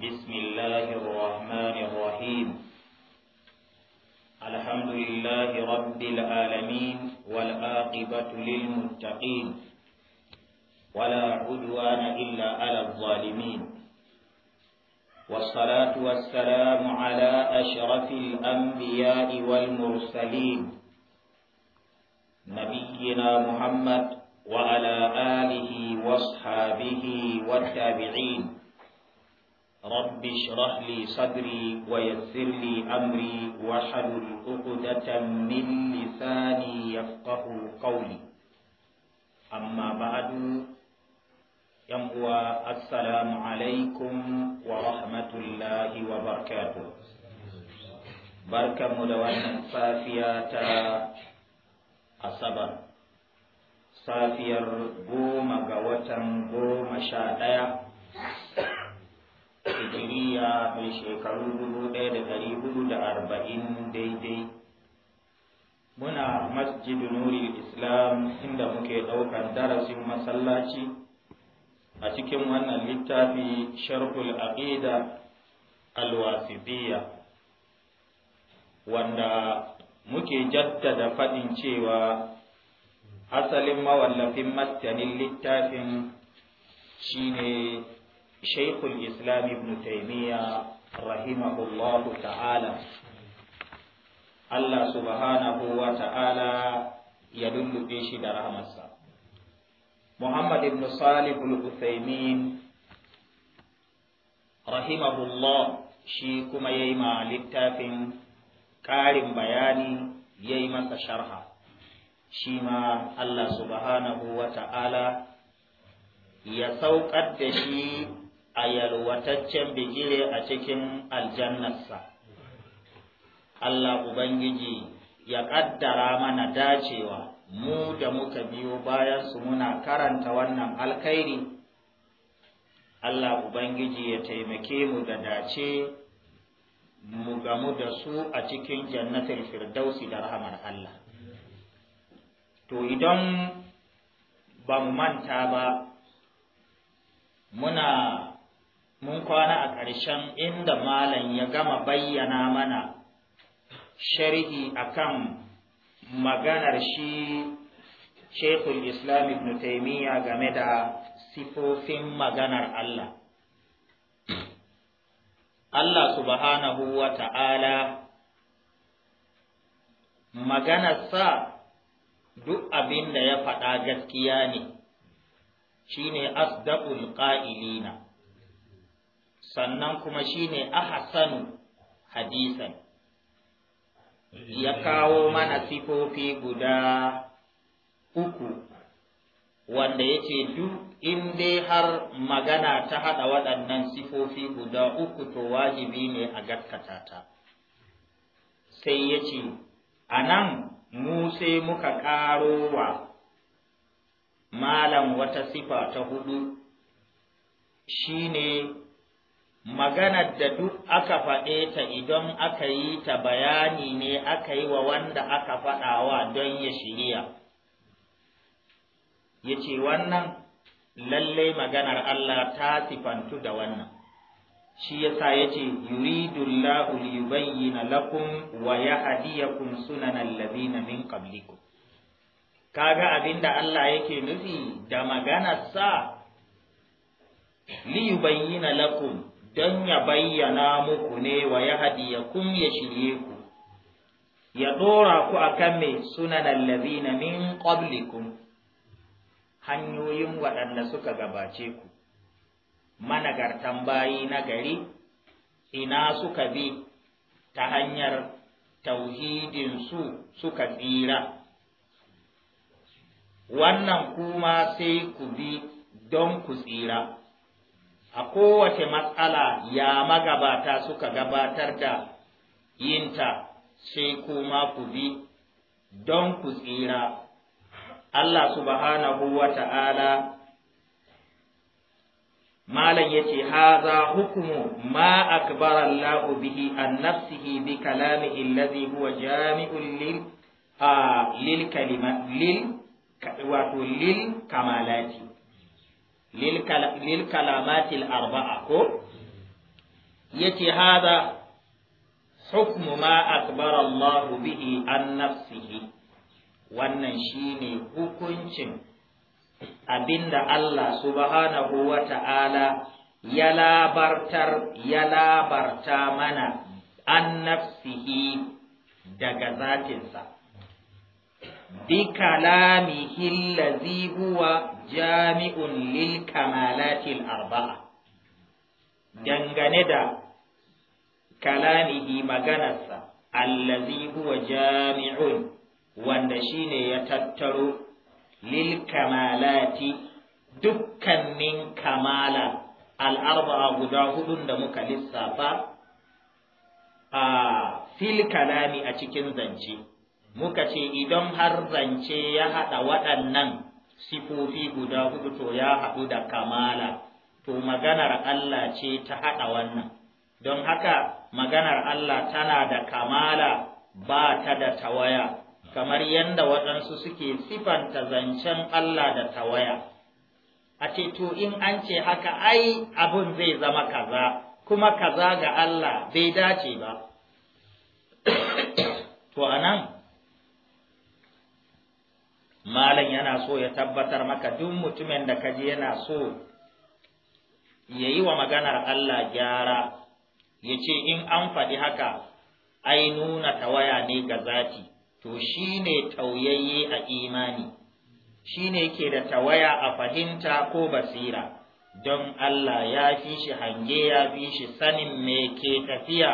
بسم الله الرحمن الرحيم الحمد لله رب العالمين والآقبة للمتقين ولا عدوان إلا على الظالمين والصلاة والسلام على أشرف الأنبياء والمرسلين نبينا محمد وعلى آله واصحابه والتابعين رب اشرح لي صدري ويسر لي أمري واحلل عقدة من لساني يفقه قولي أما بعد يمقوى السلام عليكم ورحمة الله وبركاته بركة ملوانا صافية أصبر صافية قوم غوتا قوم شادية hijiriya mai shekaru dubu ɗaya da ɗari hudu da arba'in daidai muna masjid nuri islam inda muke ɗaukar darasin masallaci a cikin wannan littafi sharhul aqida alwasibiya wanda muke jaddada faɗin cewa asalin mawallafin martanin littafin shine شيخ الإسلام ابن تيمية رحمه الله تعالى Allah subhanahu wa ta'ala ya lullube shi da rahamarsa. Muhammad ibn Salih al-Uthaymin rahimahullah shi kuma ya yi ma littafin ƙarin bayani ya yi masa sharha. Shi ma Allah subhanahu wa ta'ala ya sauƙar da shi a yalwataccen bigire a cikin aljannarsa. Allah Ubangiji ya ƙaddara mana dacewa mu da muka biyo bayan su muna karanta wannan alkhairi. Allah Ubangiji ya taimake mu da dace mu gamu da su a cikin jannatin firdausi da rahamar Allah. To idan ba mu manta ba muna mun kwana a ƙarshen inda malam ya gama bayyana mana sharhi akan maganar shi Sheikhul Islam Ibn Taymiyyah game da sifofin maganar Allah. Allah subhanahu wa ta'ala maganarsa duk abin da ya faɗa gaskiya ne, shi ne asdaqul ƙa'ilina. sannan kuma shine ahsanu hadisan ya kawo mana sifofi guda uku wanda yace duk in dai har magana ta haɗa waɗannan sifofi guda uku to wajibi ne a gaskata ta sai ya ce a nan mu sai muka ƙaro wa malam wata sifa ta hudu shine maganar da duk aka faɗe ta idan aka yi ta bayani ne aka yi wa wanda aka faɗawa don ya shirya ya ce wannan lalle maganar Allah ta sifantu da wannan shi ya sa ya ce yuridullahu liyubayyina lakum wa ya yahdiyakum sunanal na min qablikum kaga abinda Allah yake nufi da maganarsa liyubayyina lakum don ya bayyana muku ne wa ya hadiyakum ya shirye ku ya ɗora ku akan mai sunan allazina min qablikum hanyoyin waɗanda suka gabace ku managartan bayi na gari ina suka bi ta hanyar tauhidin su suka tsira wannan kuma sai ku bi don ku tsira a kowace matsala ya magabata suka gabatar da yinta sai kuma ku bi don ku tsira Allah subhanahu wa ta'ala malam yace haza hukumu ma akbara Allah bihi an nafsihi bi kalami alladhi huwa jami'un lil lil kalima lil wato lil kamalati lil kalamatil arba'a ko yace hada hukmu ma akbara bihi an nafsihi wannan shine hukuncin abinda Allah subhanahu wa ta'ala ya labartar mana an nafsihi daga zatinsa Di allazi huwa jami'un lil kamalatil arba'a dangane da kalamihi maganarsa allazi huwa jami'un wanda shine ya tattaro lil kamalati dukkanin kamala al'arba'a guda huɗun da muka lissafa a fil kalami a cikin zance muka ce idan har zance ya haɗa waɗannan sifofi guda hudu to ya haɗu da kamala to maganar Allah ce ta haɗa wannan don haka maganar Allah tana da kamala ba ta da tawaya kamar yadda waɗansu suke sifanta zancen Allah da tawaya a ce to in an ce haka ai abin zai zama kaza kuma kaza ga Allah bai dace ba to anan malam yana so ya tabbatar maka duk mutumin da kaji yana so ya yi wa maganar Allah gyara ya ce in an faɗi haka ai nuna tawaya ne ga zati to shi ne tauyayye a imani shi ne ke da tawaya a fahimta ko basira don Allah ya fi shi hange ya fi shi sanin me ke tafiya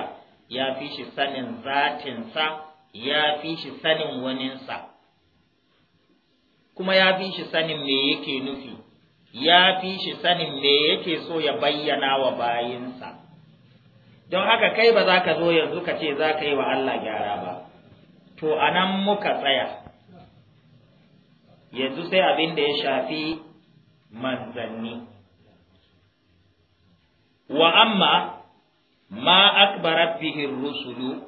ya fi shi sanin zatinsa ya fi shi sanin waninsa. kuma ya fi shi sanin me yake nufi ya fi shi sanin me yake so ya bayyana wa bayinsa don haka kai ba za ka zo yanzu ka ce za ka yi wa Allah gyara ba to a nan muka tsaya yanzu sai abin da ya shafi manzanni wa amma ma akbarat bihi rusulu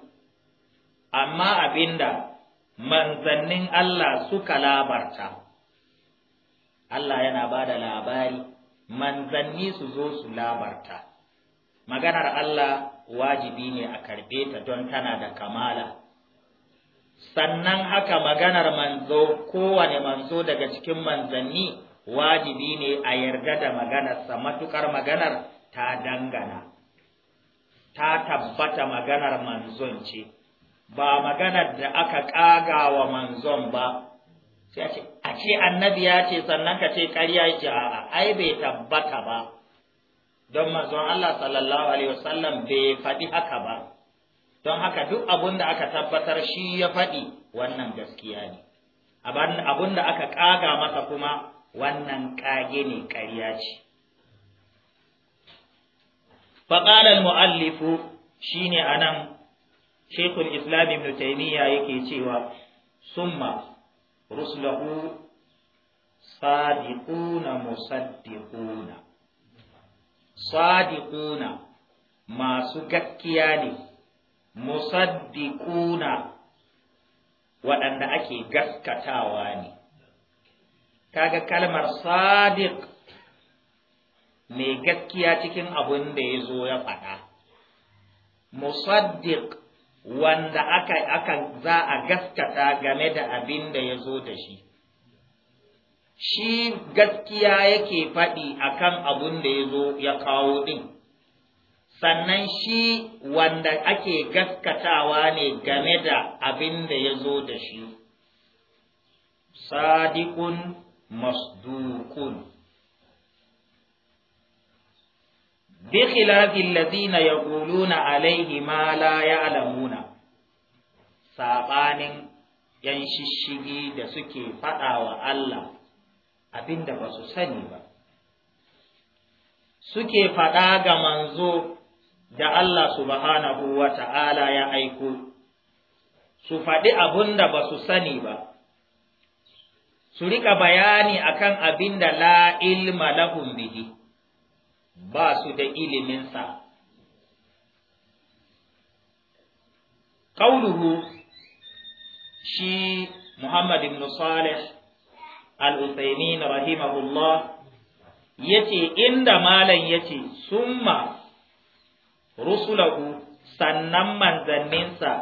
amma abinda manzannin Allah suka labarta Allah yana ba da labari manzanni su zo su labarta maganar Allah wajibi ne a karɓe ta don tana da kamala sannan haka maganar manzo kowane manzo daga cikin manzanni wajibi ne a yarda da maganarsa matukar maganar ta dangana ta tabbata maganar manzon ce ba maganar da aka ƙaga wa manzon ba sai a ce annabi ya ce sannan ka ce ƙarya ce a'a ai bai tabbata ba don manzon Allah sallallahu alaihi wasallam bai faɗi haka ba don haka duk abun da aka tabbatar shi ya faɗi wannan gaskiya ne abun da aka ƙaga masa kuma wannan ƙage ne ƙarya ce faƙalar mu'allifu shine anan shaykhul islam ibn taymiya yake cewa summa rusulahu sadiquna musaddiquna sadiquna masu gaskiya ne musaddiquna waɗanda ake gaskatawa ne kaga kalmar sadiq mai gaskiya cikin abin da ya zo ya faɗa musaddiq wanda aka aka za a gaskata game da abin da ya zo da shi shi gaskiya yake faɗi akan abun da ya zo ya kawo ɗin sannan shi wanda ake gaskatawa ne game da abin da ya zo da shi sadiqun masdukun بخلاف الذين يقولون عليه ما لا يعلمون saɓanin ‘yan shishigi da suke faɗa wa Allah abin da ba su sani ba, suke faɗa ga manzo da Allah subhanahu wa ta'ala ya aiko, su faɗi abin da ba su sani ba, su riƙa bayani akan abin da La'il ilma bihi, ba su da iliminsa. Ƙauluhu shi Muhammad ibn Salih al-Uthaymin rahimahullah yace inda malam yace summa rusulahu sannan manzanninsa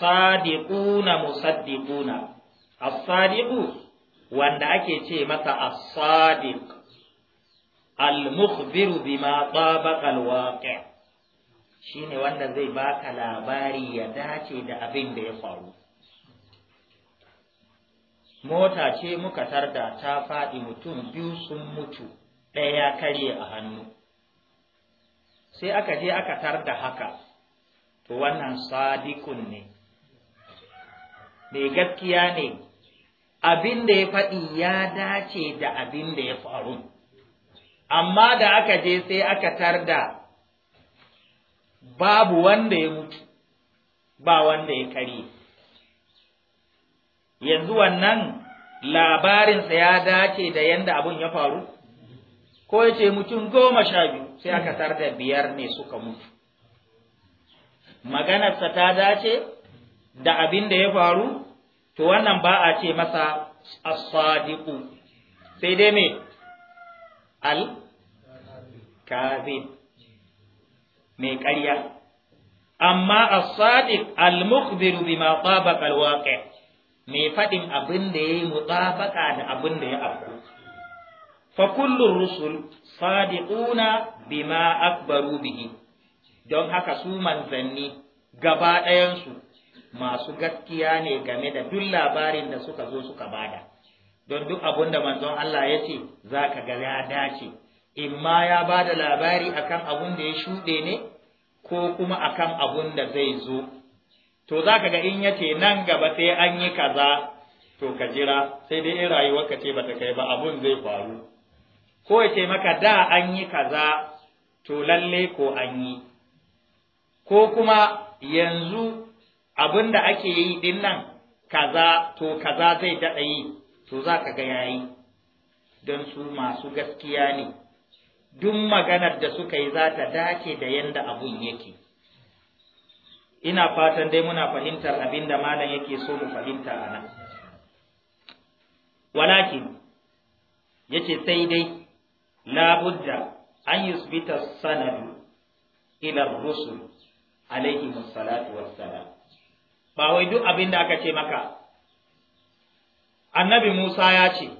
sadiquna musaddiquna as-sadiqu wanda ake ce masa as-sadiq al-mukhbiru bima tabaqa al-waqi' shine wanda zai baka labari ya dace da abin da ya faru mota ce muka tarda ta faɗi mutum biyu sun mutu ɗaya ya karye a hannu sai aka je aka tarda haka to wannan sadikun ne mai gaskiya ne abin da ya faɗi ya dace da abin da ya faru amma da aka je sai aka tarda babu wanda ya mutu ba wanda ya karye yanzu wannan labarinsa ya dace da yanda abun ya faru ko ya mutum goma sha biyu sai aka tar da biyar ne suka mutu maganarsa ta dace da abin da ya faru to wannan ba a ce masa as-sadiqu sai dai me al kazib mai ƙarya amma as-sadiq al-mukhbiru bima tabaqa al-waqi' mai faɗin abin da ya yi mutabaka da abin da ya afku fa kullun rusul sadiquna bima akbaru bihi don haka su manzanni gaba ɗayansu masu gaskiya ne game da duk labarin da suka zo suka bada don duk abin da manzon Allah ya ce za ka ga ya dace in ma ya ba da labari akan abin da ya shuɗe ne ko kuma akan abin da zai zo to za ka ga in yace nan gaba sai an yi kaza to ka jira sai dai in ka ce bata kai ba abun zai faru ko ya ce maka da an yi kaza to lalle ko an yi ko kuma yanzu abin da ake yi din nan kaza to kaza zai daɗa yi to za ka ga yayi don su masu gaskiya ne duk maganar da suka yi za ta dace da yanda abun yake ina fatan dai muna fahimtar abin da malam yake so mu fahimta a nan walakin yace sai dai labudda an yusbita sanadu ila rusul alaihi salatu wassalam ba wai duk abin da aka ce maka annabi Musa ya ce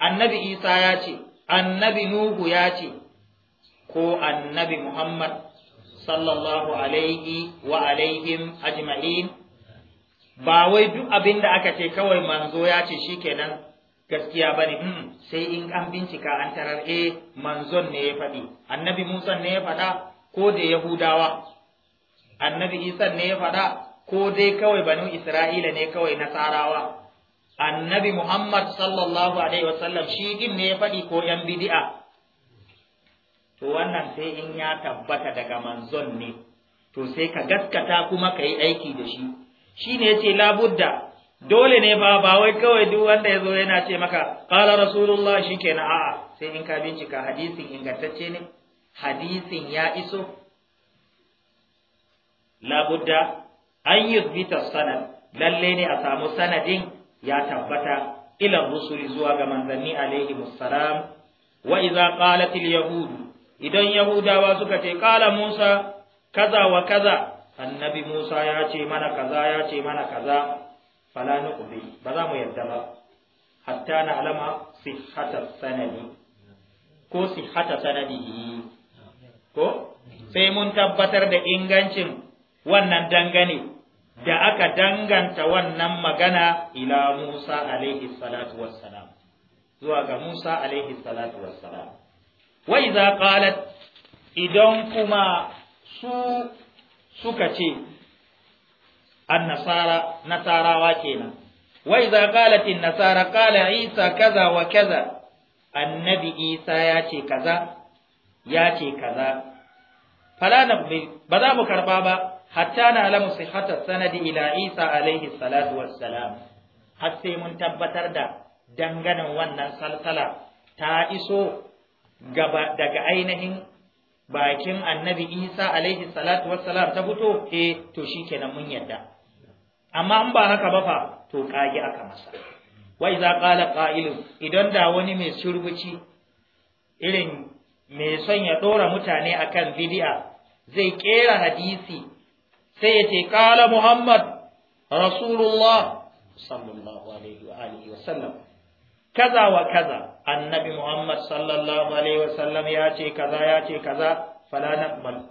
annabi Isa ya ce annabi Nuhu ya ce ko annabi Muhammad sallallahu alaihi wa alaihim ajma'in ba wai duk abin da aka ce kawai manzo ya ce shi kenan gaskiya bane mm, sai in an bincika an tarar eh manzon ne ya faɗi annabi Musa ne ya faɗa ko da Yahudawa annabi Isa ne ya faɗa ko dai kawai banu Isra'ila ne kawai nasarawa annabi Muhammad sallallahu alaihi wasallam shi din ne ya faɗi ko yan bid'a to wannan sai in ya tabbata daga manzon ne to sai ka gaskata kuma ka yi aiki da shi shi ne yace labudda dole ne ba ba wai kawai duk wanda ya zo yana ce maka qala rasulullah shikenan a'a sai in ka bincika hadisin ingantacce ne hadisin ya iso labudda an yuthbita sanad lalle ne a samu sanadin ya tabbata ila rusuli zuwa ga manzanni alaihi wassalam wa idza qalat al idan Yahudawa suka ce ƙala Musa kaza wa kaza annabi Musa ya ce mana kaza ya ce mana kaza fala nuqbi ba za mu yarda ba hatta na alama sihhata sanadi ko sihhata sanadi ko sai mun tabbatar da ingancin wannan dangane da aka danganta wannan magana ila Musa alaihi salatu wassalam zuwa ga Musa alaihi salatu wassalam wa idza qalat idan kuma su suka ce annasara nasarawa kenan wa idza qalat nasara qala isa kaza wa kaza annabi isa ya ce kaza ya ce kaza fala ba za mu karba ba hatta na alamu sanadi ila isa alaihi salatu wassalam har sai mun tabbatar da danganan wannan salsala ta iso gaba daga ainihin bakin annabi Isa alaihi salatu wassalam ta fito eh to shikenan mun yadda amma in ba haka ba fa to kage aka masa wa iza qala qa'ilun idan da wani mai surbuci irin mai son ya ɗora mutane akan bid'a zai kera hadisi sai ya ce qala muhammad rasulullah sallallahu alaihi wa sallam kaza wa kaza annabi Muhammad sallallahu alaihi wasallam ya ce kaza ya ce kaza fala naqbal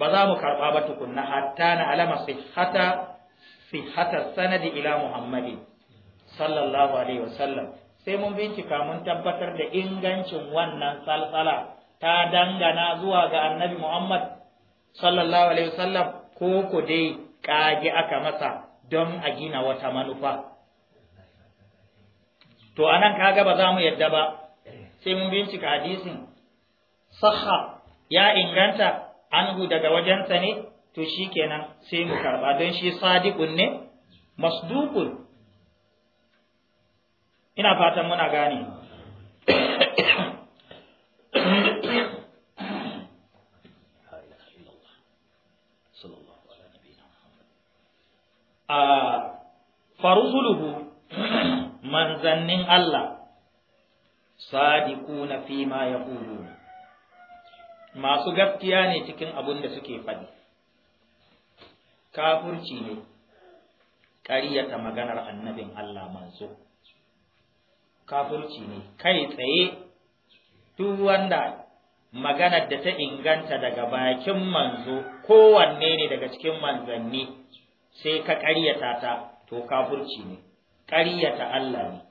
ba za mu karba ba tukunna hatta na alama sihhata sihhata sanadi ila Muhammadin sallallahu alaihi wasallam sai mun bincika mun tabbatar da ingancin wannan salsala ta dangana zuwa ga annabi Muhammad sallallahu alaihi wasallam ko ku dai kage aka masa don a gina wata manufa to anan kaga ba za mu yadda ba sai mun bincika hadisin sahha ya inganta anhu daga wajensa ne to shi kenan sai mu karba don shi sadiqun ne masduqun ina fatan muna gane ah, a manzannin Allah sadiquna fi ma yaquluna masu gaskiya ne cikin abin da suke faɗi kafurci ne ƙaryata maganar annabin Allah manzo kafurci ne kai tsaye duk wanda maganar da ta inganta daga bakin manzo kowanne ne daga cikin manzanni sai ka ƙaryata ta to kafurci ne ƙaryata Allah ne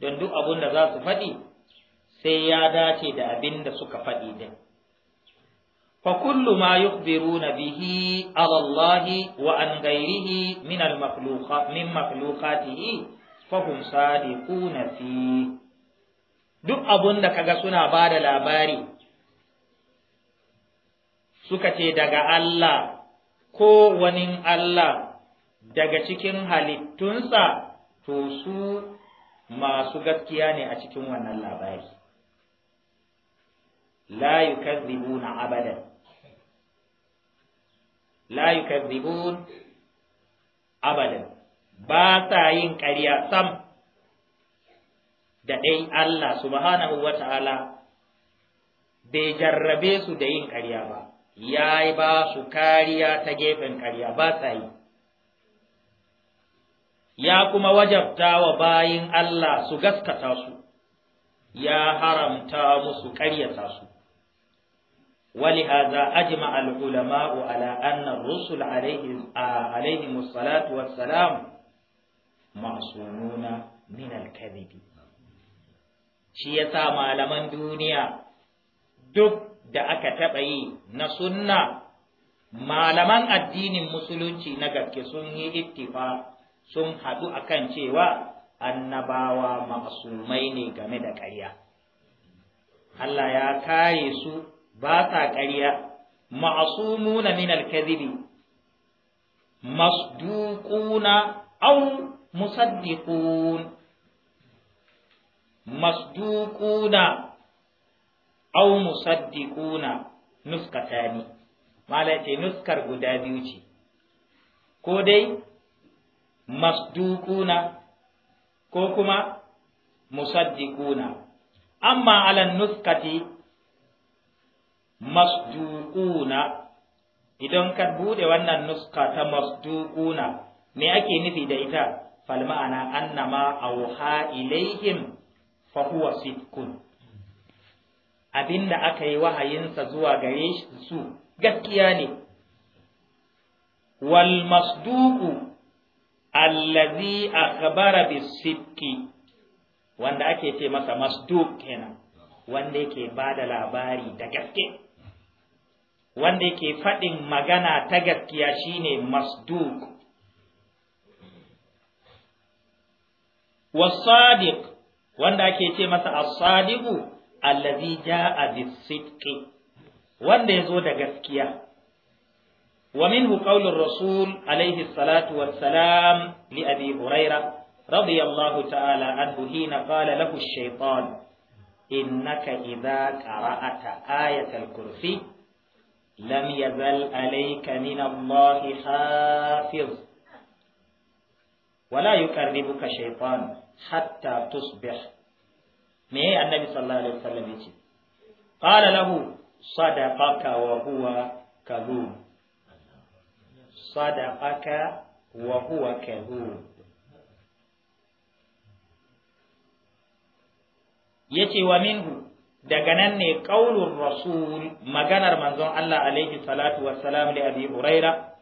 don duk abin da za su faɗi sai ya dace da abin da suka faɗi din fa kullu ma na bihi ala wa an ghairihi min al makhluqa min makhluqatihi fa hum sadiquna fi duk abin da kaga suna bada labari suka ce daga Allah ko wani Allah daga cikin halittunsa to su masu gaskiya ne a cikin wannan labari la yukazzibuna abadan la yukazzibun abadan ba sa yin ƙarya sam da dai Allah subhanahu wata'ala bai jarrabe su da yin ƙarya ba ya ba su kariya ta gefen ƙarya ba sa yi ya kuma wajabta wa bayin Allah su gaskata su, ya haramta musu ƙaryata su. ولهذا أجمع العلماء على أن الرسل عليهم, عليهم wassalam والسلام min al الكذب shi ya sa malaman duniya duk da aka taɓa yi na sunna malaman addinin musulunci na gaske sun yi ittifa sun haɗu akan cewa annabawa ma'asumai ne game da ƙarya Allah ya kare su ba sa ƙarya ma'asumuna min kadhibi masduquna aw musaddiqun masduquna aw musaddiquna nuskatani malai ce nuskar guda biyu ce ko dai masdukuna ko kuma musaddikuna amma alan nuskati masdukuna idan ka bude wannan nuska ta masdukuna me ake nufi da ita fal ma'ana annama auha ilaihim fa huwa sidqun abinda aka yi wahayinsa zuwa gare su gaskiya ne wal masduku allazi akhbara bisidqi wanda ake ce masa masduq kenan wanda yake bada labari da gaske wanda yake faɗin magana ta gaskiya shine masduq wasadiq wanda ake ce masa as-sadiqu allazi jaa bis wanda yazo da gaskiya ومنه قول الرسول عليه الصلاة والسلام لأبي هريرة رضي الله تعالى عنه حين قال له الشيطان إنك إذا قرأت آية الكرسي لم يزل عليك من الله حافظ ولا يقربك شيطان حتى تصبح ما النبي صلى الله عليه وسلم قال له صدقك وهو كذوب sadaqaka wa huwa kadhub yace wa minhu daga nan ne qaulur rasul maganar manzon Allah alaihi salatu wassalam li abi huraira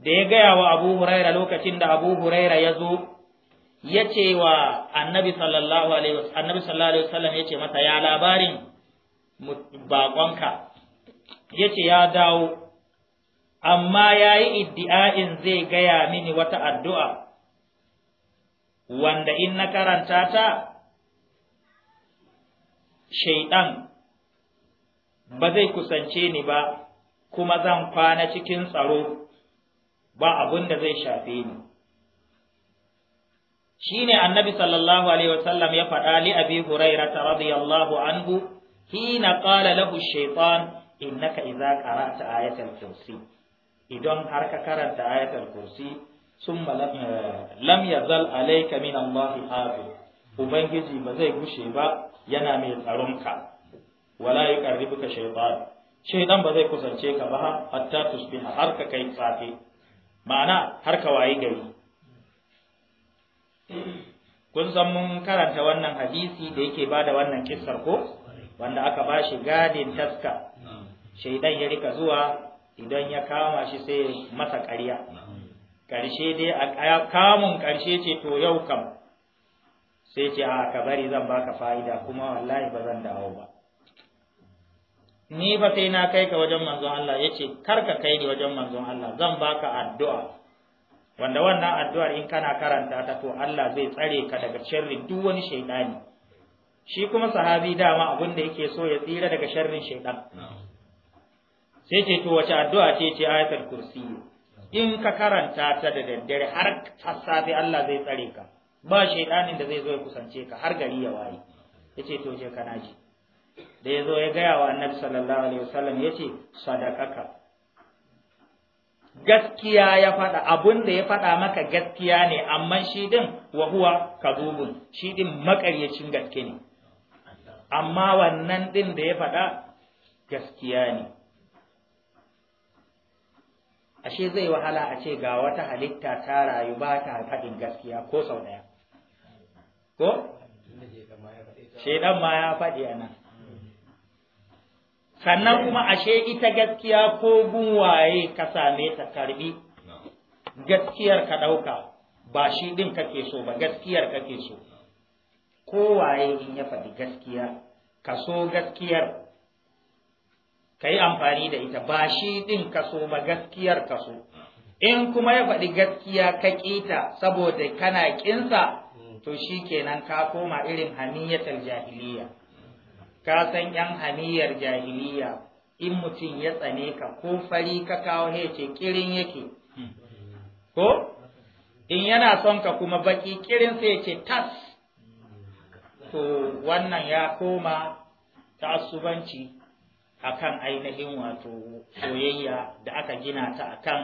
da ya gaya wa abu huraira lokacin da abu huraira ya zo ya ce wa annabi sallallahu alaihi wasallam ya ce masa ya labarin baƙonka ya ce ya dawo amma ya yi iddi'a'in zai gaya mini wata addu'a, wanda in na karanta ta, shaiɗan ba zai kusance ni ba, kuma zan kwana cikin tsaro ba abin da zai shafe ni. Shi ne annabi sallallahu Alaihi wasallam ya faɗa li abi hurairata radiyallahu anhu, hina ƙala lahu shaitan innaka iza ƙara'ata ayatul kursi. idan har ka karanta ayatul kursi sun eh, lam yazal alayka min Allah hafi ubangiji ba zai gushe ba yana mai tsaron ka wala yuqarribuka shaytan shaytan ba zai kusance ka ba hatta tusbiha har ka kai tsafe ma'ana har ka wayi gari kun san mun karanta wannan hadisi da yake bada wannan kissar ko wanda aka bashi gadin taska shaidan ya rika zuwa idan ya kama shi sai masa ƙarya ƙarshe dai a kamun ƙarshe ce to yau kam sai ce a ka bari zan baka fa'ida kuma wallahi ba zan dawo ba ni ba sai na kai ka wajen manzon Allah yace kar ka kai ni wajen manzon Allah zan baka addu'a wanda wannan addu'ar in kana karanta ta to Allah zai tsare ka daga sharrin duk wani shaidani shi kuma sahabi dama abin da yake so ya tsira daga sharrin shaidan sai ce to wace addu'a ce ce ayatul kursi in ka karanta ta da daddare har ta safe Allah zai tsare ka ba shaidanin da zai zo ya kusance ka har gari ya waye yace to je kana ji da yazo ya gaya wa annabi sallallahu alaihi wasallam ya ce sadakaka gaskiya ya faɗa abun da ya faɗa maka gaskiya ne amma shi din wa huwa kadubun shi din makaryacin gaske ne amma wannan din da ya faɗa gaskiya ne ashe zai wahala a ce ga wata halitta ta rayu ba ta faɗin gaskiya ko sau ɗaya ko Shaidan ma ya faɗi a nan sannan kuma ashe ita gaskiya ko gunwaye ka same ta karbi gaskiyar ka ɗauka ba shi ɗin kake so ba gaskiyar kake so kowaye in ya faɗi gaskiya ka so gaskiyar ka yi amfani da ita ba shi ɗin kaso ba gaskiyar kaso in kuma ya faɗi gaskiya ka ƙita saboda kana ƙinsa to shi kenan ka koma irin hamiyatar jahiliya ka san yan hamiyar jahiliya in mutum ya tsane ka ko fari ka kawo ne ce kirin yake ko in yana son ka kuma baƙi, kirin sai ce tas to wannan ya koma ta asubanci. akan ainihin wato soyayya da aka gina ta akan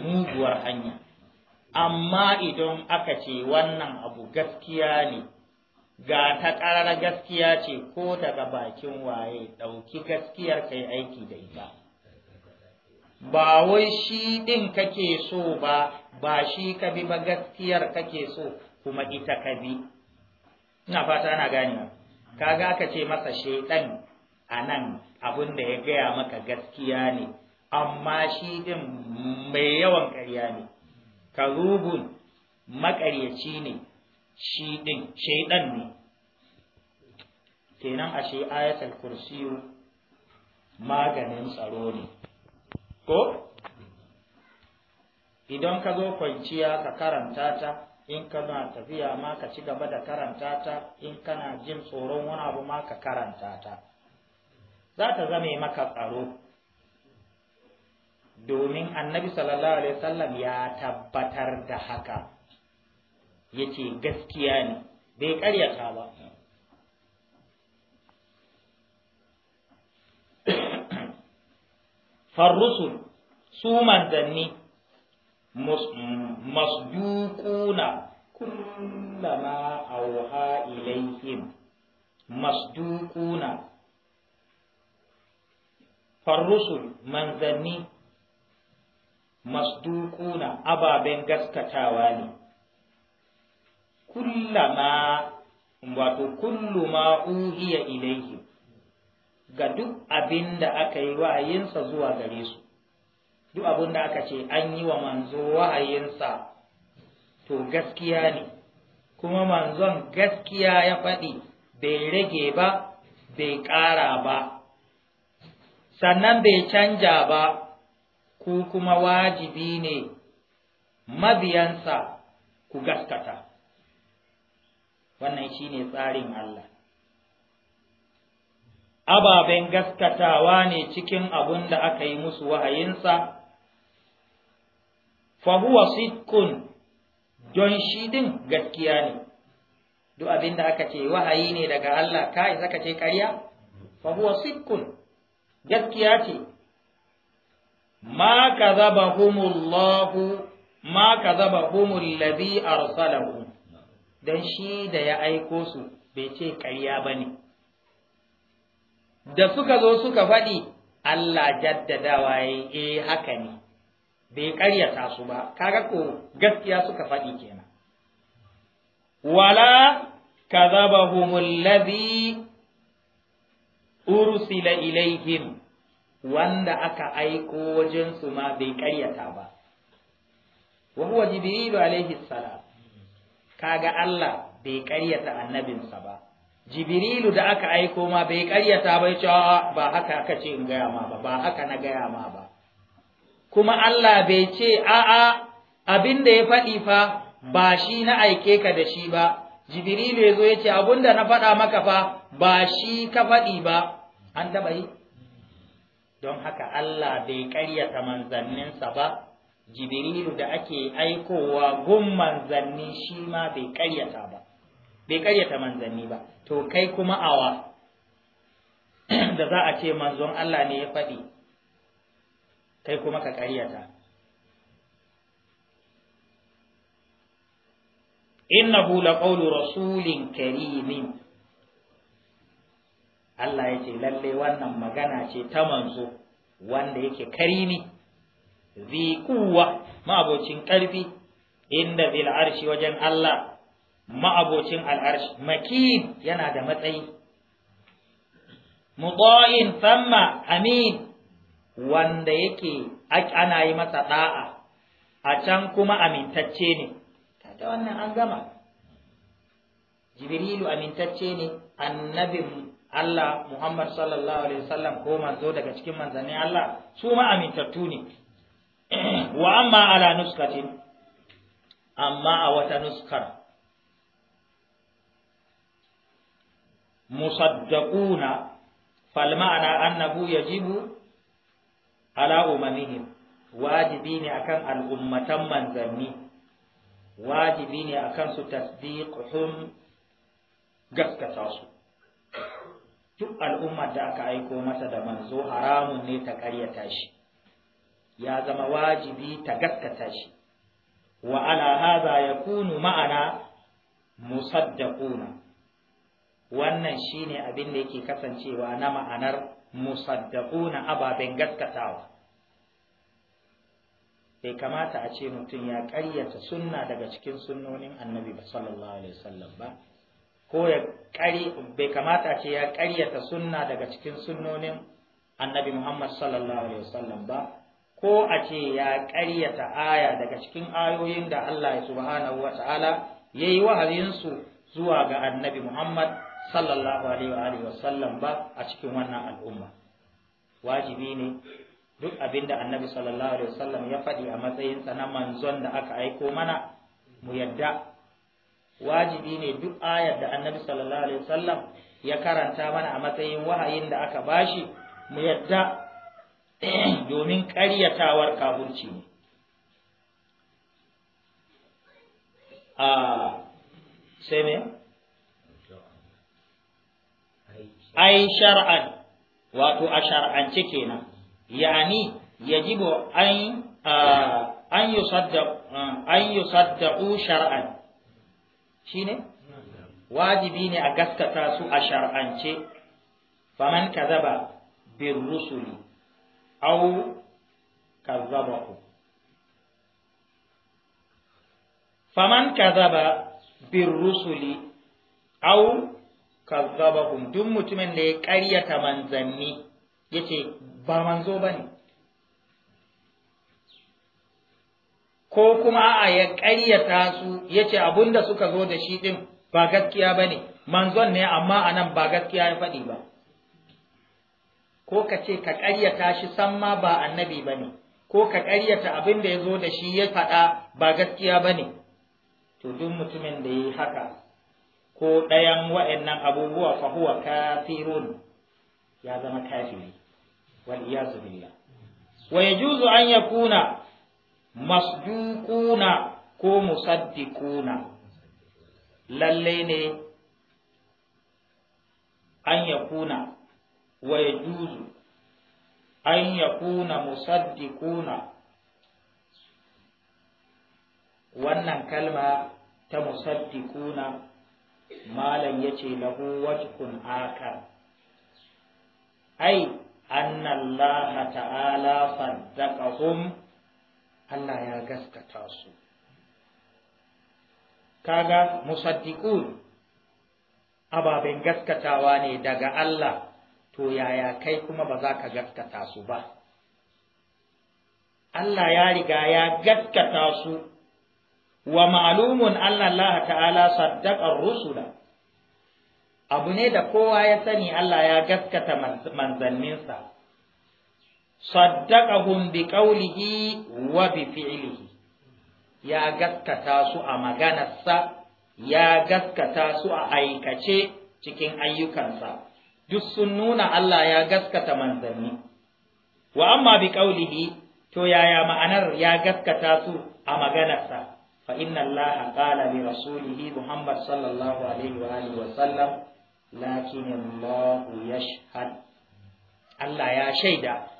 muguwar hanya amma idan aka ce wannan abu gaskiya ne ga ta ƙarar gaskiya ce ko daga bakin waye ɗauki gaskiyar kai aiki da ita ba wai shi ɗin kake so ba ba shi ka bi ba gaskiyar kake so kuma ita ka bi ina fata ana ganewa kaga aka ce masa shaiɗan a nan abin da ya gaya maka gaskiya ne amma shi ɗin mai yawan ƙarya ne karubun maƙaryaci ne shi din shaidan ne kenan ashe ayatul kursiyu maganin tsaro ne ko idan ka zo kwanciya ka karanta ta in kana tafiya ma ka ci gaba da karanta ta in kana jin tsoron wani abu ma ka karanta ta za ta zame maka tsaro domin annabi sallallahu alaihi wasallam ya tabbatar da haka yace gaskiya ne bai karyata ba farrusul su manzanni masdukuna kullama auha ilaihim masdukuna farrusul manzanni masdukuna ababen gaskatawa ne kullama wato kullu ma uhiya ilaihi ga duk abinda aka yi wa'ayinsa zuwa gare su duk abinda aka ce an yi wa manzo wa'ayinsa to gaskiya ne kuma manzon gaskiya ya faɗi bai rage ba bai ƙara ba sannan bai canja ba ku kuma wajibi ne mabiyansa ku gaskata wannan shi ne tsarin Allah ababen gaskatawa ne cikin abun da aka yi musu wahayinsa fahuwa sitkun don shi din gaskiya ne duk abin da aka ce wahayi ne daga Allah ka isa ka ce ƙarya fahuwa sitkun gaskiya ce ma humullahu ma kazabahumul ladhi arsalahu dan shi da ya aiko su bai ce ƙarya bane da suka zo suka faɗi Allah jaddadawa waye eh haka ne bai ƙaryata su ba kaga ko gaskiya suka faɗi kenan wala ka kazabahumul ladhi ursila ilaihim wanda aka aiko wajen su ma bai karyata ba wa huwa jibrilu alaihi salam kaga Allah bai karyata annabinsa ba jibrilu da aka aiko ma bai karyata ba yace ba haka aka ce in gaya ma ba ba haka na gaya ma ba kuma Allah bai ce a'a abin da ya faɗi fa ba shi na aike ka da shi ba jibrilu ya zo ya ce abin da na faɗa maka fa ba shi ka faɗi ba an taɓa yi don haka Allah bai ƙaryata manzanninsa ba jibrilu da ake aikowa gun manzanni shi ma bai ƙaryata ba bai ƙaryata manzanni ba to kai kuma awa da za a ce manzon Allah ne ya faɗi kai kuma ka ƙaryata innahu laqawlu rasulin karimin Allah ya ce lalle wannan magana ce ta manzo wanda yake karimi zi kuwa ma'abocin ƙarfi inda bil arshi wajen Allah ma'abocin al'arshi makin yana da matsayi muɗa'in samma amin wanda yake ana yi masa ɗa'a a can kuma amintacce ne ta wannan an gama jibrilu amintacce ne annabin Allah Muhammad sallallahu alaihi wasallam ko manzo daga cikin manzanni Allah su ma amintattu ne wa amma ala nuskatin amma a wata nuskar musaddaquna fal ma'ana annahu yajibu ala umamihim wajibi ne akan al'ummatan manzanni wajibi ne akan su tasdiquhum gaskata su duk al'ummar da aka aiko masa da manzo haramun ne ta ƙaryata shi ya zama wajibi ta gaskata shi wa ala hadha yakunu ma'ana musaddaquna wannan shine abin da yake kasancewa na ma'anar musaddaquna ababen gaskatawa bai kamata a ce mutum ya ƙaryata sunna daga cikin sunnonin annabi sallallahu alaihi wasallam ba ko ya ƙari bai kamata ce ya karyata sunna daga cikin sunnonin annabi Muhammad sallallahu alaihi wasallam ba ko a ce ya karyata aya daga cikin ayoyin da Allah subhanahu wa ta'ala yayi yi su zuwa ga annabi Muhammad sallallahu alaihi wasallam ba a cikin wannan al'umma wajibi ne duk abinda annabi sallallahu alaihi wasallam ya faɗi a matsayin na manzon da aka aiko mana mu yadda wajibi ne duk ayar da annabi sallallahu alaihi wasallam ya karanta mana a matsayin wahayin da aka bashi mu yadda domin ƙaryatawar kafirci ne a sai ne ai shar'an wato a shar'ance kenan yani yajibu an an yusadda an yusaddaqu shar'an shine wajibi ne a gaskata su a shar'ance faman kazaba bin rusuli ku faman kazaba bin rusuli aw ku duk mutumin da ya ƙaryata manzanni ce ba manzo ba ne. ko kuma a ya ƙaryata su ya ce abin da suka zo da shi ɗin ba gaskiya ba ne manzon ne amma a nan ba gaskiya ya faɗi ba ko ka ce ka ƙaryata shi san ma ba annabi ba ne ko ka ƙaryata abin da ya zo da shi ya faɗa ba gaskiya ba ne to duk mutumin da ya yi haka ko ɗayan nan abubuwa fahuwa kafirun ya zama kafiri wal iyazu ya. wa yajuzu an ya kuna? masdukuna ko musaddikuna lalle ne an yakuna wa yajuzu an yakuna musaddikuna wannan kalma ta musaddikuna malam yace lahu wajhun akar ai anna allaha ta'ala saddaqahum Allah ya gaskata su kaga musaddiqun ababen gaskatawa ne daga Allah to yaya kai kuma ba za ka gaskata su ba Allah ya riga ya gaskata su wa ma'lumun Allah Allah ta'ala saddaqar rusula abu ne da kowa ya sani Allah ya gaskata manzanninsa saddaqahum bi qawlihi wa bi fi'lihi ya gaskata su a maganarsa ya gaskata su a aikace cikin ayyukansa duk sun nuna Allah ya gaskata manzanni wa amma bi qawlihi to yaya ma'anar ya gaskata su a maganarsa fa inna Allah qala li rasulihi Muhammad sallallahu alaihi wa alihi wa sallam lakin Allah yashhad Allah ya shaida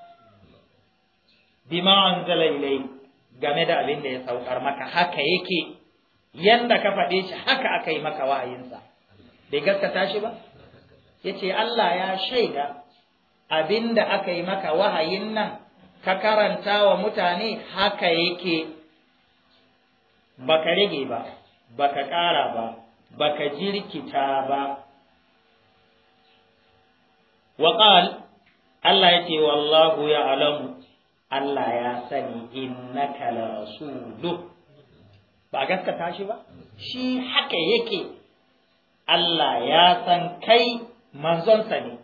bima anzala ilai game da abin da ya saukar maka haka yake yanda ka faɗe shi haka aka yi maka wa'ayinsa bai gaskata shi ba Ya ce Allah ya shaida abin da aka yi maka wahayin nan ka karanta wa mutane haka yake baka rage ba baka ƙara ba baka jirkita ba ya ce wallahu ya alamu. Allah ya sani innaka la rasulu ba gaskata tashi ba shi haka yake Allah ya san kai manzonsa ne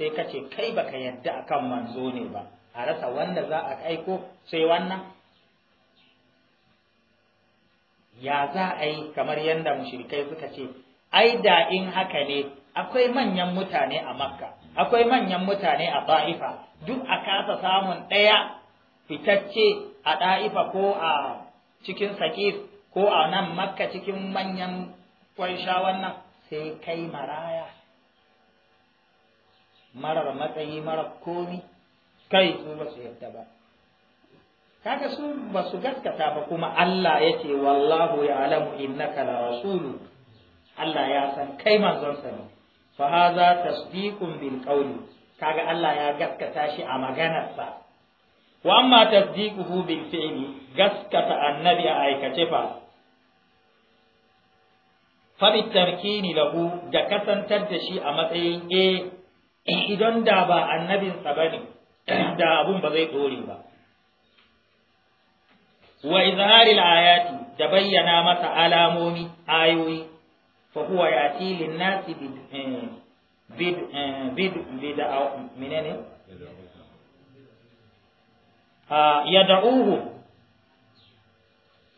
sai ka ce kai baka yadda akan manzo ne ba a rasa wanda za a aiko sai wannan ya za a yi kamar yadda mushrikai suka ce ai da in haka ne akwai manyan mutane a makka akwai manyan mutane a ba'ifa duk a kasa samun ɗaya fitacce a ɗa'ifa ko a cikin sakif ko a nan makka cikin manyan kwansha wannan sai kai maraya marar matsayi marar komi kai su ba su yadda ba kaga su ba su gaskata ba kuma Allah ya ce wallahu ya alamu innaka la rasulu Allah ya san kai manzon sa ne fa hadha tasdiqun bil qawli kaga Allah ya gaskata shi a maganarsa Wamma amma tasdiquhu bil fi'li gaskata annabi a aikace fa fa bitarkini lahu da kasantar da shi a matsayin E, idan da ba annabinsa bane da abun ba zai ɗore ba wa izharil ayati da bayyana masa alamomi ayoyi fa huwa yati lin nasi bid bid bid bid menene yad'uhum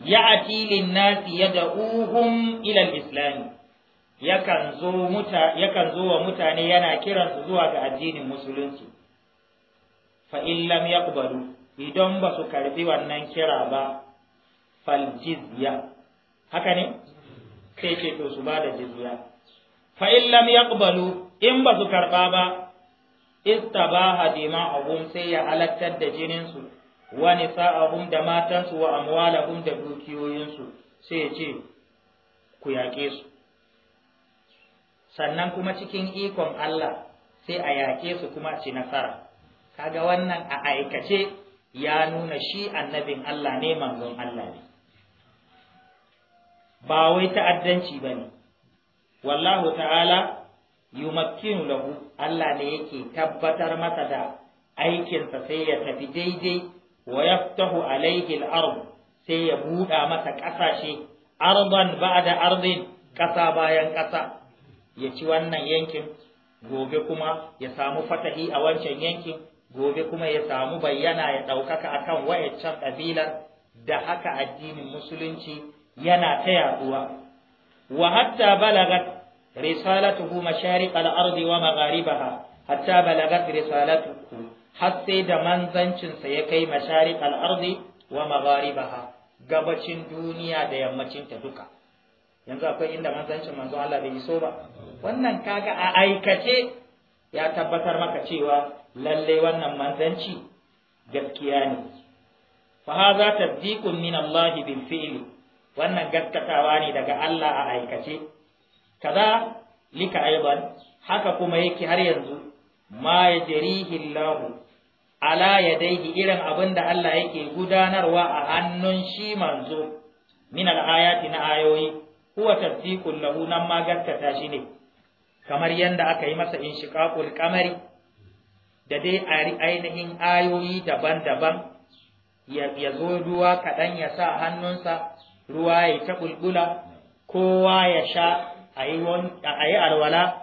ya'ti lin nasi yad'uhum ila al-islam yakan zo muta yakan zo wa mutane yana kiransu zuwa ga addinin musulunci fa in lam yaqbalu idan ba su karbi wannan kira ba fal jizya haka ne sai ce to su ba da jizya fa in lam yaqbalu in ba su karba ba istabaha dima'uhum sai ya halattar da jinin su wa nisa'uhum da matansu wa amwalahum da dukiyoyinsu sai ya ce ku yaƙe su sannan kuma cikin ikon Allah sai a yaƙe su kuma ci nasara kaga wannan a aikace ya nuna shi annabin Allah ne manzon Allah ne ba wai ta'addanci ba ne wallahu ta'ala yumakkinu lahu Allah ne yake tabbatar masa da aikinsa sai ya tafi daidai wa yaftahu Alayhi al-ard sai ya buɗa masa ƙasashe ardan ba'da ardin ƙasa bayan ƙasa ya ci wannan yankin gobe kuma ya samu fatahi a wancan yankin gobe kuma ya samu bayyana ya ɗaukaka akan wa'ancan ƙabilar da haka addinin musulunci yana ta yaduwa wa hatta balagat risalatuhu mashariq al-ard wa magharibaha hatta balagat risalatuhu har sai da manzancinsa ya kai mashariq al-ard wa magharibaha gabacin duniya da yammacin ta duka yanzu akwai inda manzancin manzo Allah bai iso ba wannan kaga a aikace ya tabbatar maka cewa lalle wannan manzanci gaskiya ne fa hadha tasdiqun min Allah bil fi'li wannan gaskatawa ne daga Allah a aikace kaza lika aiban haka kuma yake har yanzu ma yajrihi Lahu, ala daihi irin abin da Allah yake gudanarwa a hannun shi manzo min na ayoyi huwa tasdiqul lahu nan ma gaskata shi ne kamar yadda aka yi masa inshiqaqul qamari da dai ainihin ayoyi daban-daban ya zo ruwa kaɗan ya sa hannunsa ruwa ya ta bulbula kowa ya sha a yi alwala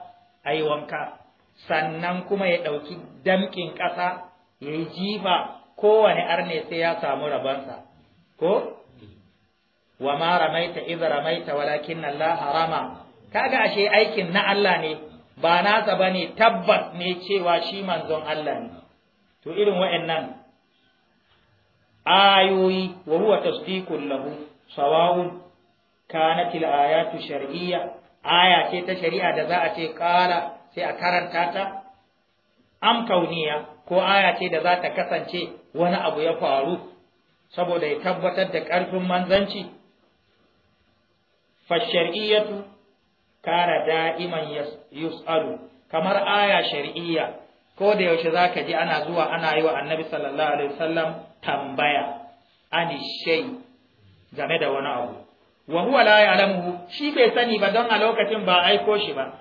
a yi wanka sannan kuma ya ɗauki damƙin ƙasa ya yi jifa kowane arne sai ya samu rabansa ko wa ma ramaita iz ramaita walakin Allah rama kaga ashe aikin na Allah ne ba nasa bane tabbas ne cewa shi manzon Allah ne to irin wa'annan ayoyi wa huwa tasdiqul lahu sawawun kanatil ayatu shar'iyya aya ce ta shari'a da za a ce kala sai a karanta ta am kauniya ko aya ce da za ta kasance wani abu ya faru saboda ya tabbatar da ƙarfin manzanci fashar'iyyatu kara da'iman yus'alu kamar aya shar'iyya ko da yaushe za ka ji ana zuwa ana yi wa annabi sallallahu alaihi wasallam tambaya ani shay game da wani abu wa huwa la ya'lamuhu shi bai sani ba don a lokacin ba aiko shi ba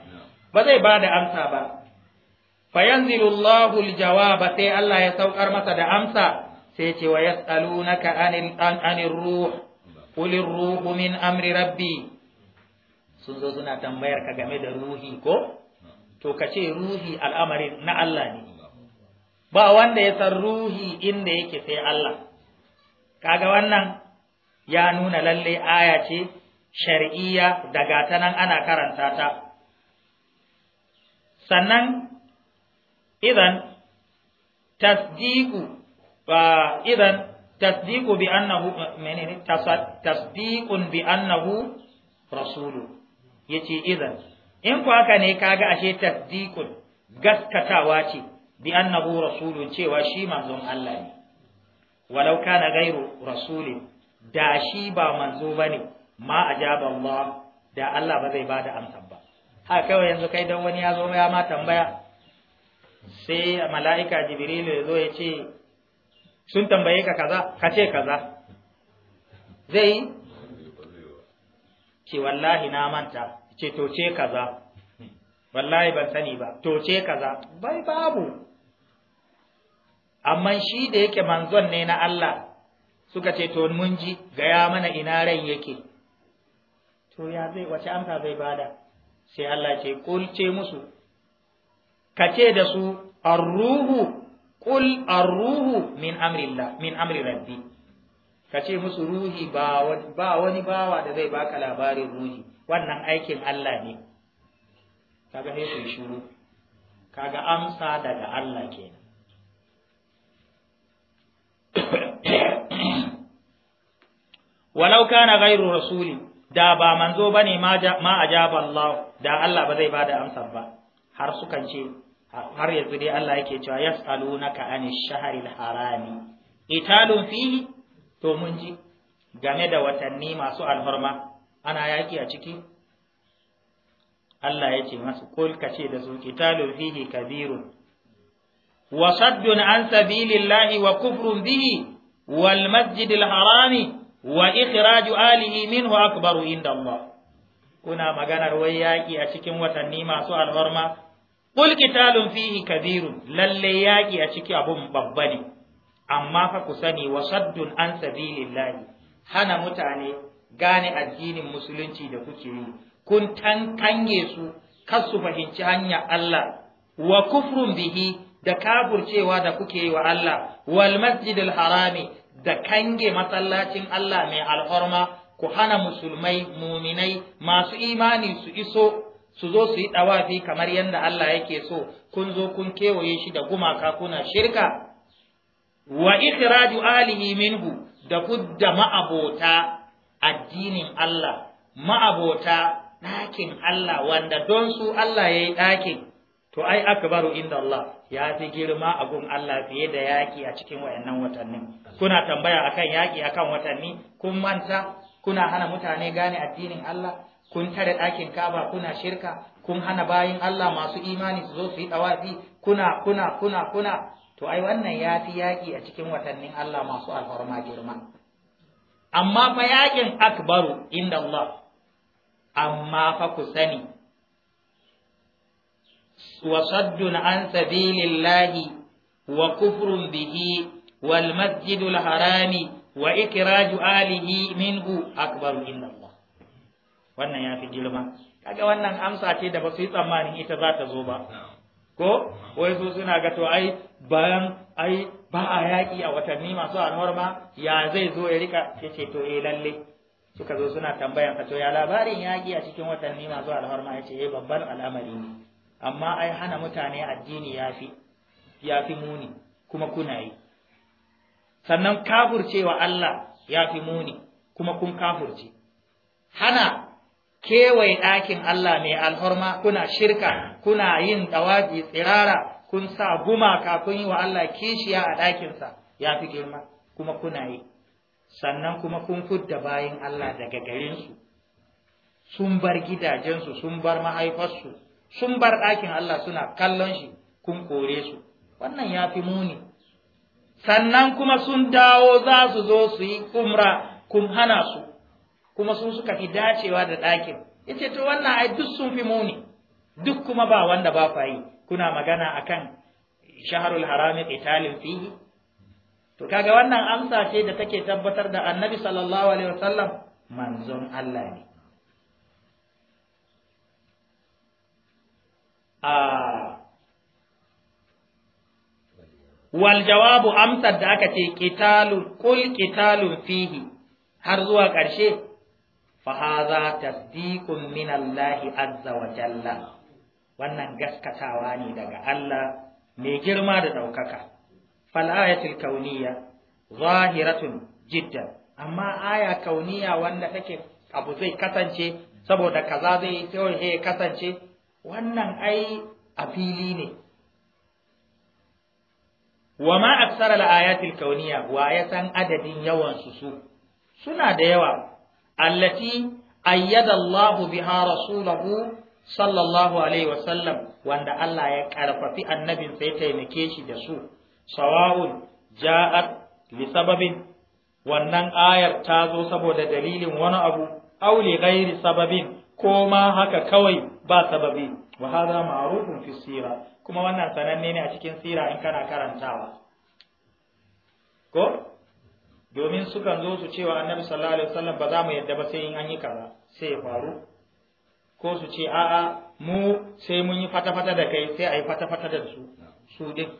ba zai ba da amsa ba fa yanzilu Allahu al-jawaba sai Allah ya saukar masa da amsa sai ce wa yas'alunaka anil anir ruh qul ruhu min amri rabbi sun zo suna tambayar ka game da ruhi ko to ka ce ruhi al'amarin na Allah ne ba wanda ya san ruhi inda yake sai Allah kaga wannan ya nuna lalle aya ce shar'iyya daga ta nan ana karanta ta sannan idan tasdiqu fa idan tasdiqu bi annahu menene tasdiqun bi annahu rasulu yace idan in ku haka ne kaga ashe tasdiqun gaskatawa ce bi annahu rasulu cewa shi manzon Allah ne walau kana gairu rasulin da shi ba manzo bane ma ajaba Allah da Allah ba zai ba da amsa ba haka kawai yanzu kai dan wani ya zo ya ma tambaya sai mala'ika jibrilu ya zo ya ce sun tambaye ka kaza ka ce kaza zai yi wallahi na manta ce to ce kaza wallahi ban sani ba to ce kaza bai babu amma shi da yake manzon ne na Allah suka ce to mun ji gaya mana ina ran yake to ya zai wace amsa zai bada sai Allah ce kul ce musu kace da su arruhu kul arruhu min amrillah min amri rabbi kace musu ruhi ba wani bawa da zai baka labarin ruhi wannan aikin Allah ne kaga sai su shiru kaga amsa daga Allah kenan walau kana ghairu rasuli da ba manzo bane ma ma ajaba Allah da Allah ba zai bada amsar ba har sukan ce har yanzu dai Allah yake cewa yas'alunaka anish shahril harami italun fihi to mun ji game da watanni masu alhorma ana yaki a ciki Allah ya ce masu kul kace da su qitalun fihi kabirun wa saddun an sabilillahi wa kufrun bihi wal masjidil harami wa ikhraju alihi minhu akbaru inda Allah kuna maganar wai yaƙi a cikin watanni masu alfarma kul qitalun fihi kabirun lalle yaƙi a ciki abun babba ne amma fa ku sani wa saddun an sabilillahi hana mutane gane addinin musulunci da kuke yi kun tankange su kar su fahimci hanyar Allah wa kufrun bihi da kafurcewa da kuke yi wa Allah wal masjidil harami da kange masallacin Allah mai alhorma ku hana musulmai muminai masu imani su iso su zo su yi ɗawafi kamar yadda Allah yake so kun zo kun kewaye shi da gumaka kuna shirka wa ikhraju alihi minhu da kudda ma'abota addinin Allah ma'abota ɗakin Allah wanda don su Allah ya yi ɗakin to ai akbaru inda Allah ya fi girma a gun Allah fiye da yaki a cikin wayannan watannin kuna tambaya akan yaki akan watanni kun manta kuna hana mutane gane addinin Allah kun tare ɗakin Kaba kuna shirka kun hana bayin Allah masu imani su zo su yi tawafi kuna kuna kuna kuna to ai wannan ya fi yaki a cikin watannin Allah masu alfarma girma amma fa yakin akbaru inda Allah amma fa ku sani وصد عن سبيل الله وكفر به والمسجد الحرام وإكراج آله منه أكبر إن الله wannan ya fi girma kaga wannan amsa ce da ba su yi tsammanin ita za ta zo ba ko wai su suna ga to ai bayan ai ba a yaƙi a watanni masu anuwar ma ya zai zo ya rika ya ce to eh lalle suka zo suna tambayan ka to ya labarin yaƙi a cikin watanni masu alhorma ya ce eh babban al'amari ne amma ai hana mutane addini yafi yafi muni kuma kuna yi sannan kafurcewa Allah yafi muni kuma kun kafurce hana kewaye ɗakin Allah mai alhorma kuna shirka kuna yin ɗawaji tsirara kun sa gumaka kun wa Allah kishiya a ɗakinsa ya fi girma kuma kuna yi sannan kuma kun fudda bayan Allah daga garinsu sun bar gidajensu sun bar mahaifarsu sun bar ɗakin Allah suna kallon shi kun kore su wannan ya fi muni sannan kuma sun dawo za su zo su yi umra kun hana su kuma sun suka fi dacewa da ɗakin yace to wannan ai duk sun fi muni duk kuma ba wanda ba fa yi kuna magana akan shaharul harami qitalin fihi to kaga wannan amsa ce da take tabbatar da annabi sallallahu alaihi wasallam manzon Allah ne Waljawabu ah. wal amsar da aka ce qitalun kul fihi har zuwa ƙarshe fa hadha tasdiqun min Allahi azza wa jalla wannan gaskatawa ne daga Allah mai girma da ɗaukaka fal ayatul kauniyya zahiratun jiddan amma aya kauniya wanda take abu zai kasance saboda kaza zai yi ya kasance wannan ai a fili ne wa ma aksara al-ayatil wa ya san adadin yawan su su suna da yawa allati ayyadallahu biha rasulahu sallallahu alaihi wasallam wanda Allah ya karfafi annabin sai taimake shi da su sawa'un ja'ar li wannan ayar ta zo saboda dalilin wani abu aw li sababin ko ma haka kawai ba sababi wa hada ma'rufun fi sira kuma wannan sananne ne a cikin sira in kana karantawa ko domin sukan zo su cewa annabi sallallahu alaihi wasallam ba za mu yadda ba sai in an yi kaza sai ya faru ko su ce a'a mu sai mun yi fata-fata da kai sai a yi fata-fata da su su din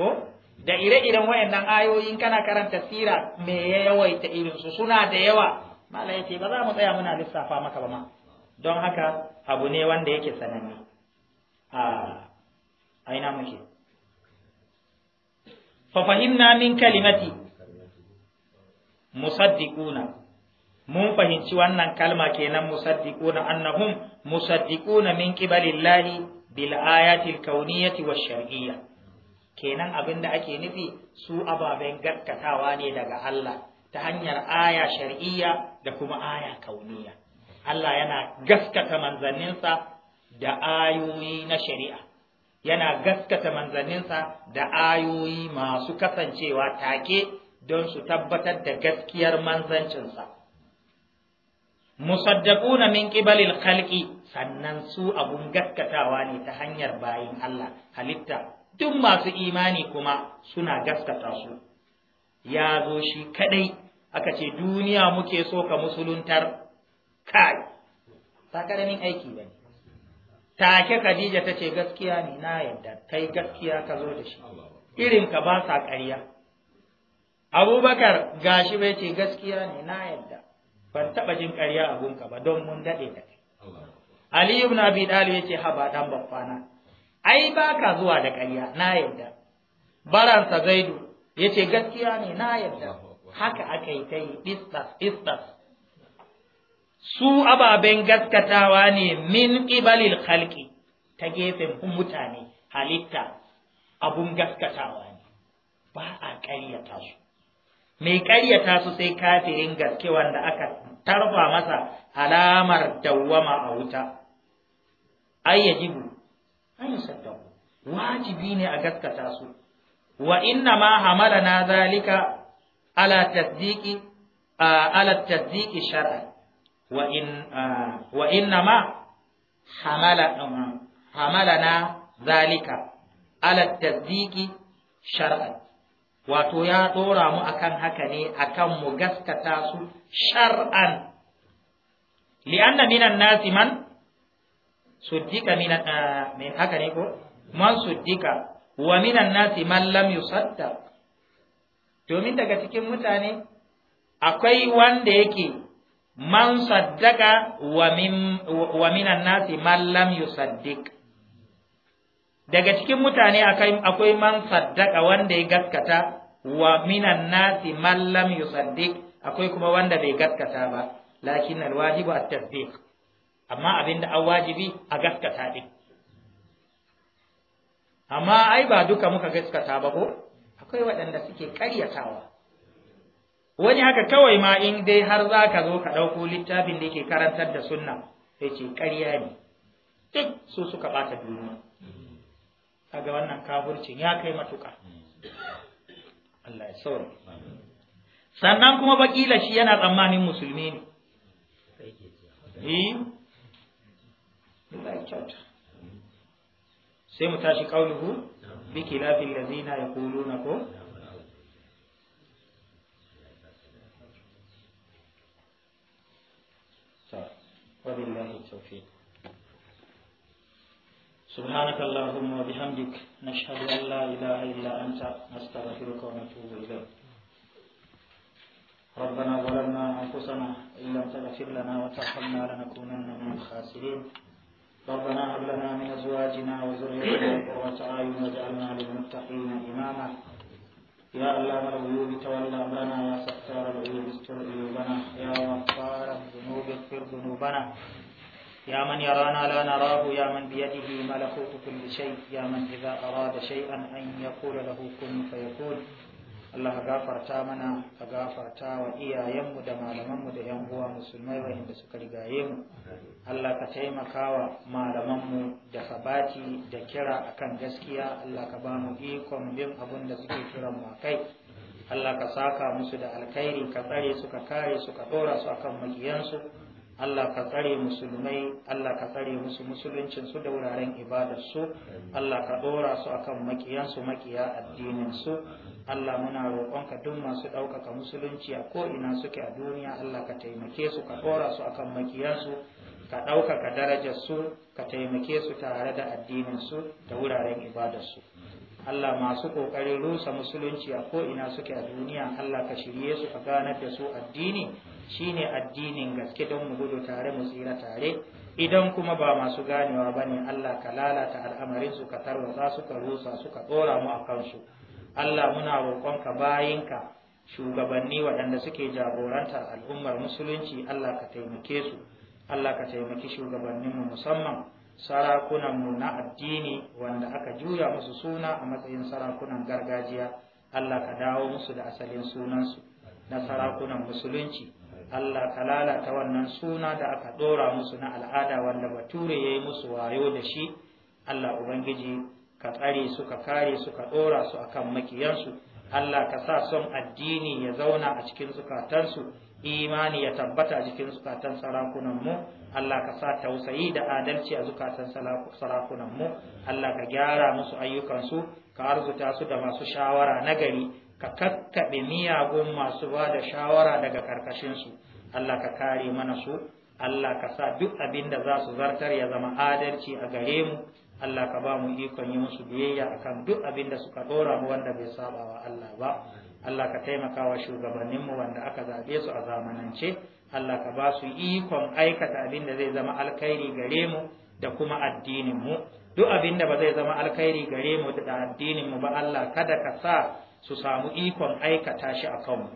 ko da ire-iren wayannan ayoyin kana karanta sira me ya yawaita irin su suna da yawa mala ce ba za mu tsaya muna lissafa maka ba ma don haka abu ne wanda yake sananni. a aina muke fa fahimna min kalimati musaddiquna mun fahimci wannan kalma kenan musaddiquna annahum musaddiquna min qibalillahi bil ayatil kauniyyati wash shar'iyya kenan abinda ake nufi su ababen gaskatawa ne daga Allah ta hanyar aya shar'iyya da kuma aya kauniyya Allah yana gaskata manzanninsa da ayoyi na shari'a yana gaskata manzanninsa da ayoyi masu kasancewa take don su tabbatar da gaskiyar manzancinsa musaddaquna min qibalil khalqi sannan su abun gaskatawa ne ta hanyar bayin Allah halitta duk masu imani kuma suna gaskata su ya zo shi kaɗai aka ce duniya muke so ka musuluntar kai ba karamin aiki ba take Khadija ta ce gaskiya ne na yadda kai gaskiya ka zo da shi irin ka ba sa ƙarya Abubakar gashi bai ce gaskiya ne na yadda ban taɓa jin ƙarya a gunka ba don mun daɗe da kai Ali ibn Abi Talib yace ha ba dan baffana ai ba ka zuwa da ƙarya na yadda baransa Zaidu yace gaskiya ne na yadda haka aka yi ta yi istas istas su ababen gaskatawa ne min ƙibalil halki ta gefen mutane halitta abun gaskatawa ne ba a ƙaryata su mai ƙaryata su sai kafirin gaske wanda aka tarfa masa alamar dawwama a wuta ai yajibu an saddaku wajibi ne a gaskata su wa inna ma na zalika ala tasdiqi ala tasdiqi shar'a wa in ah, wa innama hamala hamalana zalika ala tasdiqi shar'an wato ya dora mu akan haka ne akan mu gaskata su shar'an li'anna minan nasi man suddika min ah, haka ne ko man suddika wa minan nasi man lam yusaddaq domin daga cikin mutane akwai wanda yake man saddaka wa minan nasi man lam yusaddiq daga cikin mutane akwai man saddaka wanda ya gaskata wa minan nasi man lam yusaddiq akwai kuma wanda bai gaskata ba lakin alwajibu at-tasdiq amma abinda an wajibi a gaskata din amma ai ba duka muka gaskata ba ko akwai waɗanda suke ƙaryatawa wani haka kawai ma in dai har za ka zo ka ɗauko littafin da ke karantar da sunna sai ce ƙarya ne duk su suka ɓata duniya kaga wannan kafircin ya kai matuƙa Allah ya sannan kuma bakila shi yana tsammanin musulmi ne eh? sai mu tashi qauluhu lazina ya ladina na ko وبالله التوفيق سبحانك اللهم وبحمدك نشهد أن لا إله إلا أنت نستغفرك ونتوب إليك ربنا ظلمنا أنفسنا إن لم تغفر لنا وترحمنا لنكونن من الخاسرين ربنا هب لنا من أزواجنا وذريتنا قرة أعين واجعلنا للمتقين إماما يا علام الغيوب تولى أمرنا يا ذنوبنا يا من يرانا لا نراه يا من بيده ملكوت كل شيء يا من إذا أراد شيئا أن يقول له كن فيكون Allah ka gafarta mana ka gafarta wa iyayenmu da malamanmu da yan uwa musulmai wa'inda suka rigaye mu Allah ka taimakawa wa malamanmu da sabati da kira akan gaskiya Allah ka ba mu ikon bin abun da suke kiran mu kai Allah ka saka musu da alkhairi ka tsare su ka kare su ka dora su akan makiyansu. Allah ka tsare musulmai Allah ka tsare musu musuluncin su da wuraren ibadar su Allah ka ɗora su akan makiyan su makiya addinin su Allah muna ka duk masu ɗaukaka musulunci a ko ina suke a duniya Allah ka taimake su ka dora su akan makiyan su ka ɗaukaka darajar su ka taimake su tare da addinin su da wuraren ibadar su Allah masu ƙoƙarin rusa musulunci a ko ina suke a duniya Allah ka shirye su ka ganar da su addini shine addinin gaske don mu gudu tare mu tsira tare idan kuma ba masu ganewa ba ne Allah ka lalata al'amarinsu ka tarwatsa su ka rusa su ka tsora mu a kansu Allah muna roƙonka bayinka shugabanni waɗanda suke jagorantar al'ummar musulunci Allah ka taimake su Allah ka taimaki shugabanninmu musamman sarakunan mu na addini wanda aka juya musu suna a matsayin sarakunan gargajiya Allah ka dawo musu da asalin sunansu na sarakunan musulunci Allah ka lalata wannan suna da aka ɗora musu na al'ada wanda bature ya yi musu wayo da shi Allah Ubangiji ka tsare su ka kare su ka ɗora su akan makiyansu Allah ka sa son addini ya zauna a cikin zukatansu imani ya tabbata a cikin zukatan sarakunanmu Allah ka sa tausayi da adalci a zukatan sarakunan mu. Allah ka gyara musu ayyukansu ka arzuta su da masu shawara na gari. ka kakkaɓe miyagun masu ba da shawara daga karkashinsu Allah ka kare mana su Allah ka sa duk abin da za su zartar ya zama adalci a gare mu Allah ka ba mu ikon yi musu biyayya akan duk abin da suka dora mu wanda bai saba wa Allah ba Allah ka taimaka wa mu wanda aka zaɓe su a zamanance Allah ka ba su ikon aikata abin da zai zama alkhairi gare mu da kuma addinin mu duk abin da ba zai zama alkhairi gare mu da addinin mu ba Allah kada ka sa su samu ikon aikata shi a kanmu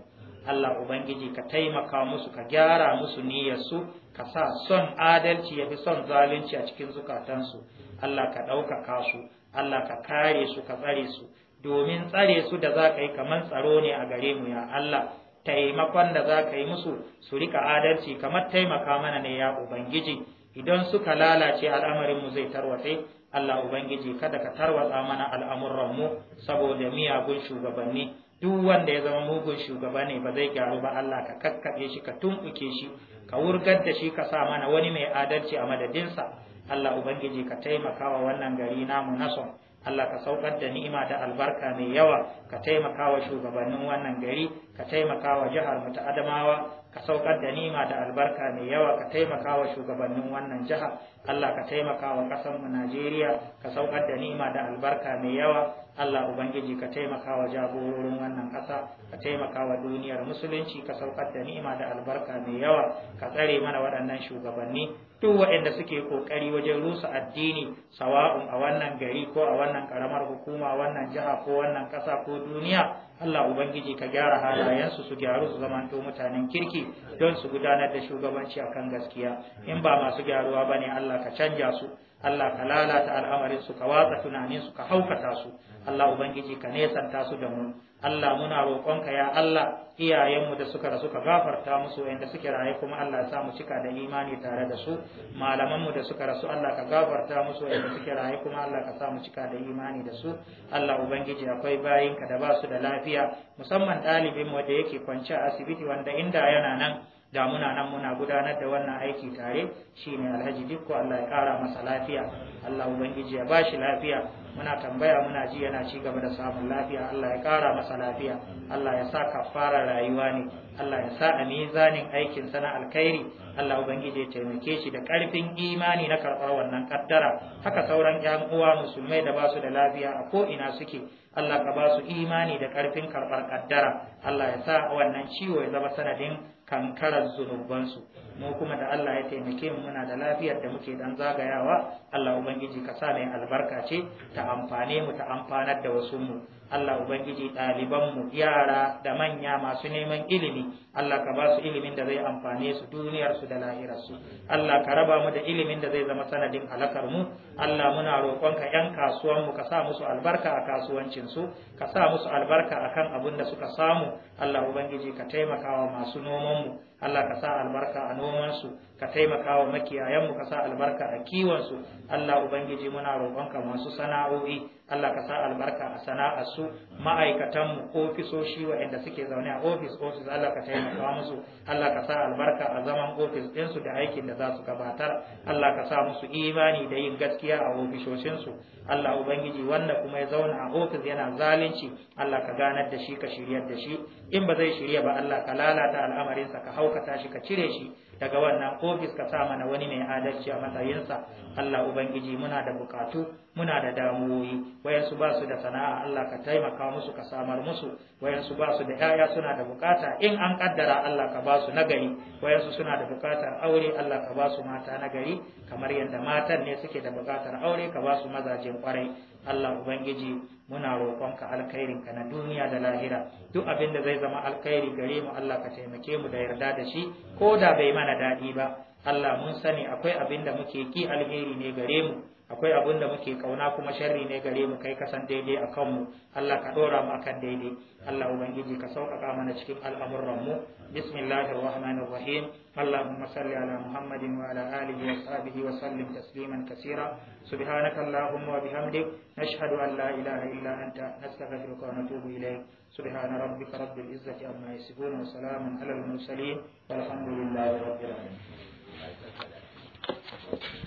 Allah Ubangiji ka taimaka musu ka gyara musu niyyarsu ka sa son adalci ya fi son zalunci a cikin zukatansu Allah ka ɗaukaka su Allah ka kare su ka tsare su domin tsare su da za ka yi kamar tsaro ne a gare mu ya Allah taimakon da za ka yi musu su rika adalci kamar taimaka mana ne ya Ubangiji idan suka lalace al'amarinmu zai tarwatse Allah Ubangiji kada ka tarwatsa mana al'amuranmu saboda miyagun shugabanni duk wanda ya zama mugun shugaba ne ba zai gyaru ba Allah ka kakkaɓe shi ka tumɓuke shi ka wurgar da shi ka sa mana wani mai adalci a madadinsa Allah Ubangiji ka taimakawa wannan gari namu na son. Allah ka saukar da ni'ima da albarka mai yawa ka taimaka wa shugabannin wannan gari ka taimaka wa jihar mu ta Adamawa ka saukar da ni'ima da albarka mai yawa ka taimaka wa shugabannin wannan jiha Allah ka taimaka wa ƙasar mu Najeriya ka saukar da ni'ima da albarka mai yawa Allah Ubangiji ka taimaka wa jagororin wannan ƙasa ka taimaka wa duniyar musulunci ka saukar da ni'ima da albarka mai yawa ka tsare mana waɗannan shugabanni duk waɗanda suke ƙoƙari wajen rusa addini sawa'un a wannan gari ko a wannan ƙaramar hukuma wannan jiha ko wannan ƙasa ko duniya Allah Ubangiji ka gyara halayensu su gyaru su zamanto mutanen kirki don su gudanar da shugabanci akan gaskiya in ba masu gyaruwa ba ne Allah ka canja su Allah ka lalata al'amarin su ka watsa tunanin su ka haukata su Allah ubangiji ka nesanta su da mu Allah muna roƙonka ya Allah iyayenmu da suka rasu ka gafarta musu wanda suke raye kuma Allah sa mu cika da imani tare da su malamanmu da suka rasu Allah ka gafarta musu wanda suke raye kuma Allah ka sa mu cika da imani da su Allah ubangiji akwai bayinka da ba su da lafiya musamman ɗalibinmu da yake kwance a asibiti wanda inda yana nan da muna nan muna gudanar da wannan aiki tare Shi ne alhaji dikko Allah ya kara masa lafiya Allah ubangiji ya bashi lafiya muna tambaya muna ji yana ci gaba da samun lafiya Allah ya kara masa lafiya Allah ya sa kafara rayuwa ne Allah ya sa a mizanin aikin sana alkhairi Allah ubangiji ya taimake shi da karfin imani na karɓar wannan kaddara haka sauran ƴan uwa musulmai da basu da lafiya a ko ina suke Allah ka ba su imani da karfin karɓar kaddara Allah ya sa wannan ciwo ya zama sanadin kankarar zunubansu mu kuma da Allah ya taimake mu muna da lafiyar da muke dan zagayawa Allah ubangiji ka sa mai albarka ce ta amfane mu ta amfanar da wasu mu Allah ubangiji ɗaliban mu yara da manya masu neman ilimi Allah ka ba su ilimin da zai amfane su duniyarsu da lahirar su Allah ka raba mu da ilimin da zai zama sanadin halakar mu Allah muna roƙonka yan kasuwanmu ka sa musu albarka a kasuwancinsu, ka sa musu albarka a kan abin da suka samu Allah ubangiji ka taimaka wa masu nomanmu. Allah ka sa albarka a nomansu ka taimaka wa makiyayanmu ka sa albarka a kiwonsu Allah ubangiji muna roƙonka masu sana'o'i Allah ka sa albarka a sana'arsu ma'aikatanmu ofisoshi waɗanda suke zaune a ofis ofis Allah ka taimaka musu Allah ka sa albarka a zaman ofis ɗinsu da aikin da za su gabatar Allah ka sa musu imani da yin gaskiya a ofisoshinsu. Allah ubangiji wanda kuma ya zauna a ofis yana zalunci Allah ka ganar da shi ka shiryar da shi in ba zai shirya ba Allah ka lalata al'amarinsa ka haukata shi ka cire shi daga wannan ofis ka sa mana wani mai adalci a matsayinsa Allah ubangiji muna da bukatu muna da damuwoyi wayansu ba su da sana'a Allah ka taimaka musu ka samar musu wayansu ba su da yaya suna da bukata in an kaddara Allah ka ba su nagari wayansu suna da bukatar aure Allah ka basu su mata nagari kamar yadda matan ne suke da bukatar aure ka basu su mazajen kwarai Allah ubangiji muna roƙonka ka na duniya da lahira duk abin da zai zama alkhairi gare mu Allah ka taimake mu da yarda da shi ko da bai mana daɗi ba Allah mun sani akwai abin da muke ki alheri ne gare mu akwai abin da muke kauna kuma sharri ne gare mu kai kasan daidai a kanmu Allah ka dora mu akan daidai Allah ubangiji ka sauƙaƙa mana cikin al'amuran mu bismillahir rahmanir rahim اللهم صل على محمد وعلى آله وصحبه وسلم تسليما كثيرا سبحانك اللهم وبحمدك نشهد أن لا إله إلا أنت نستغفرك ونتوب إليك سبحان ربك رب العزة عما يصفون وسلام على المرسلين والحمد لله رب العالمين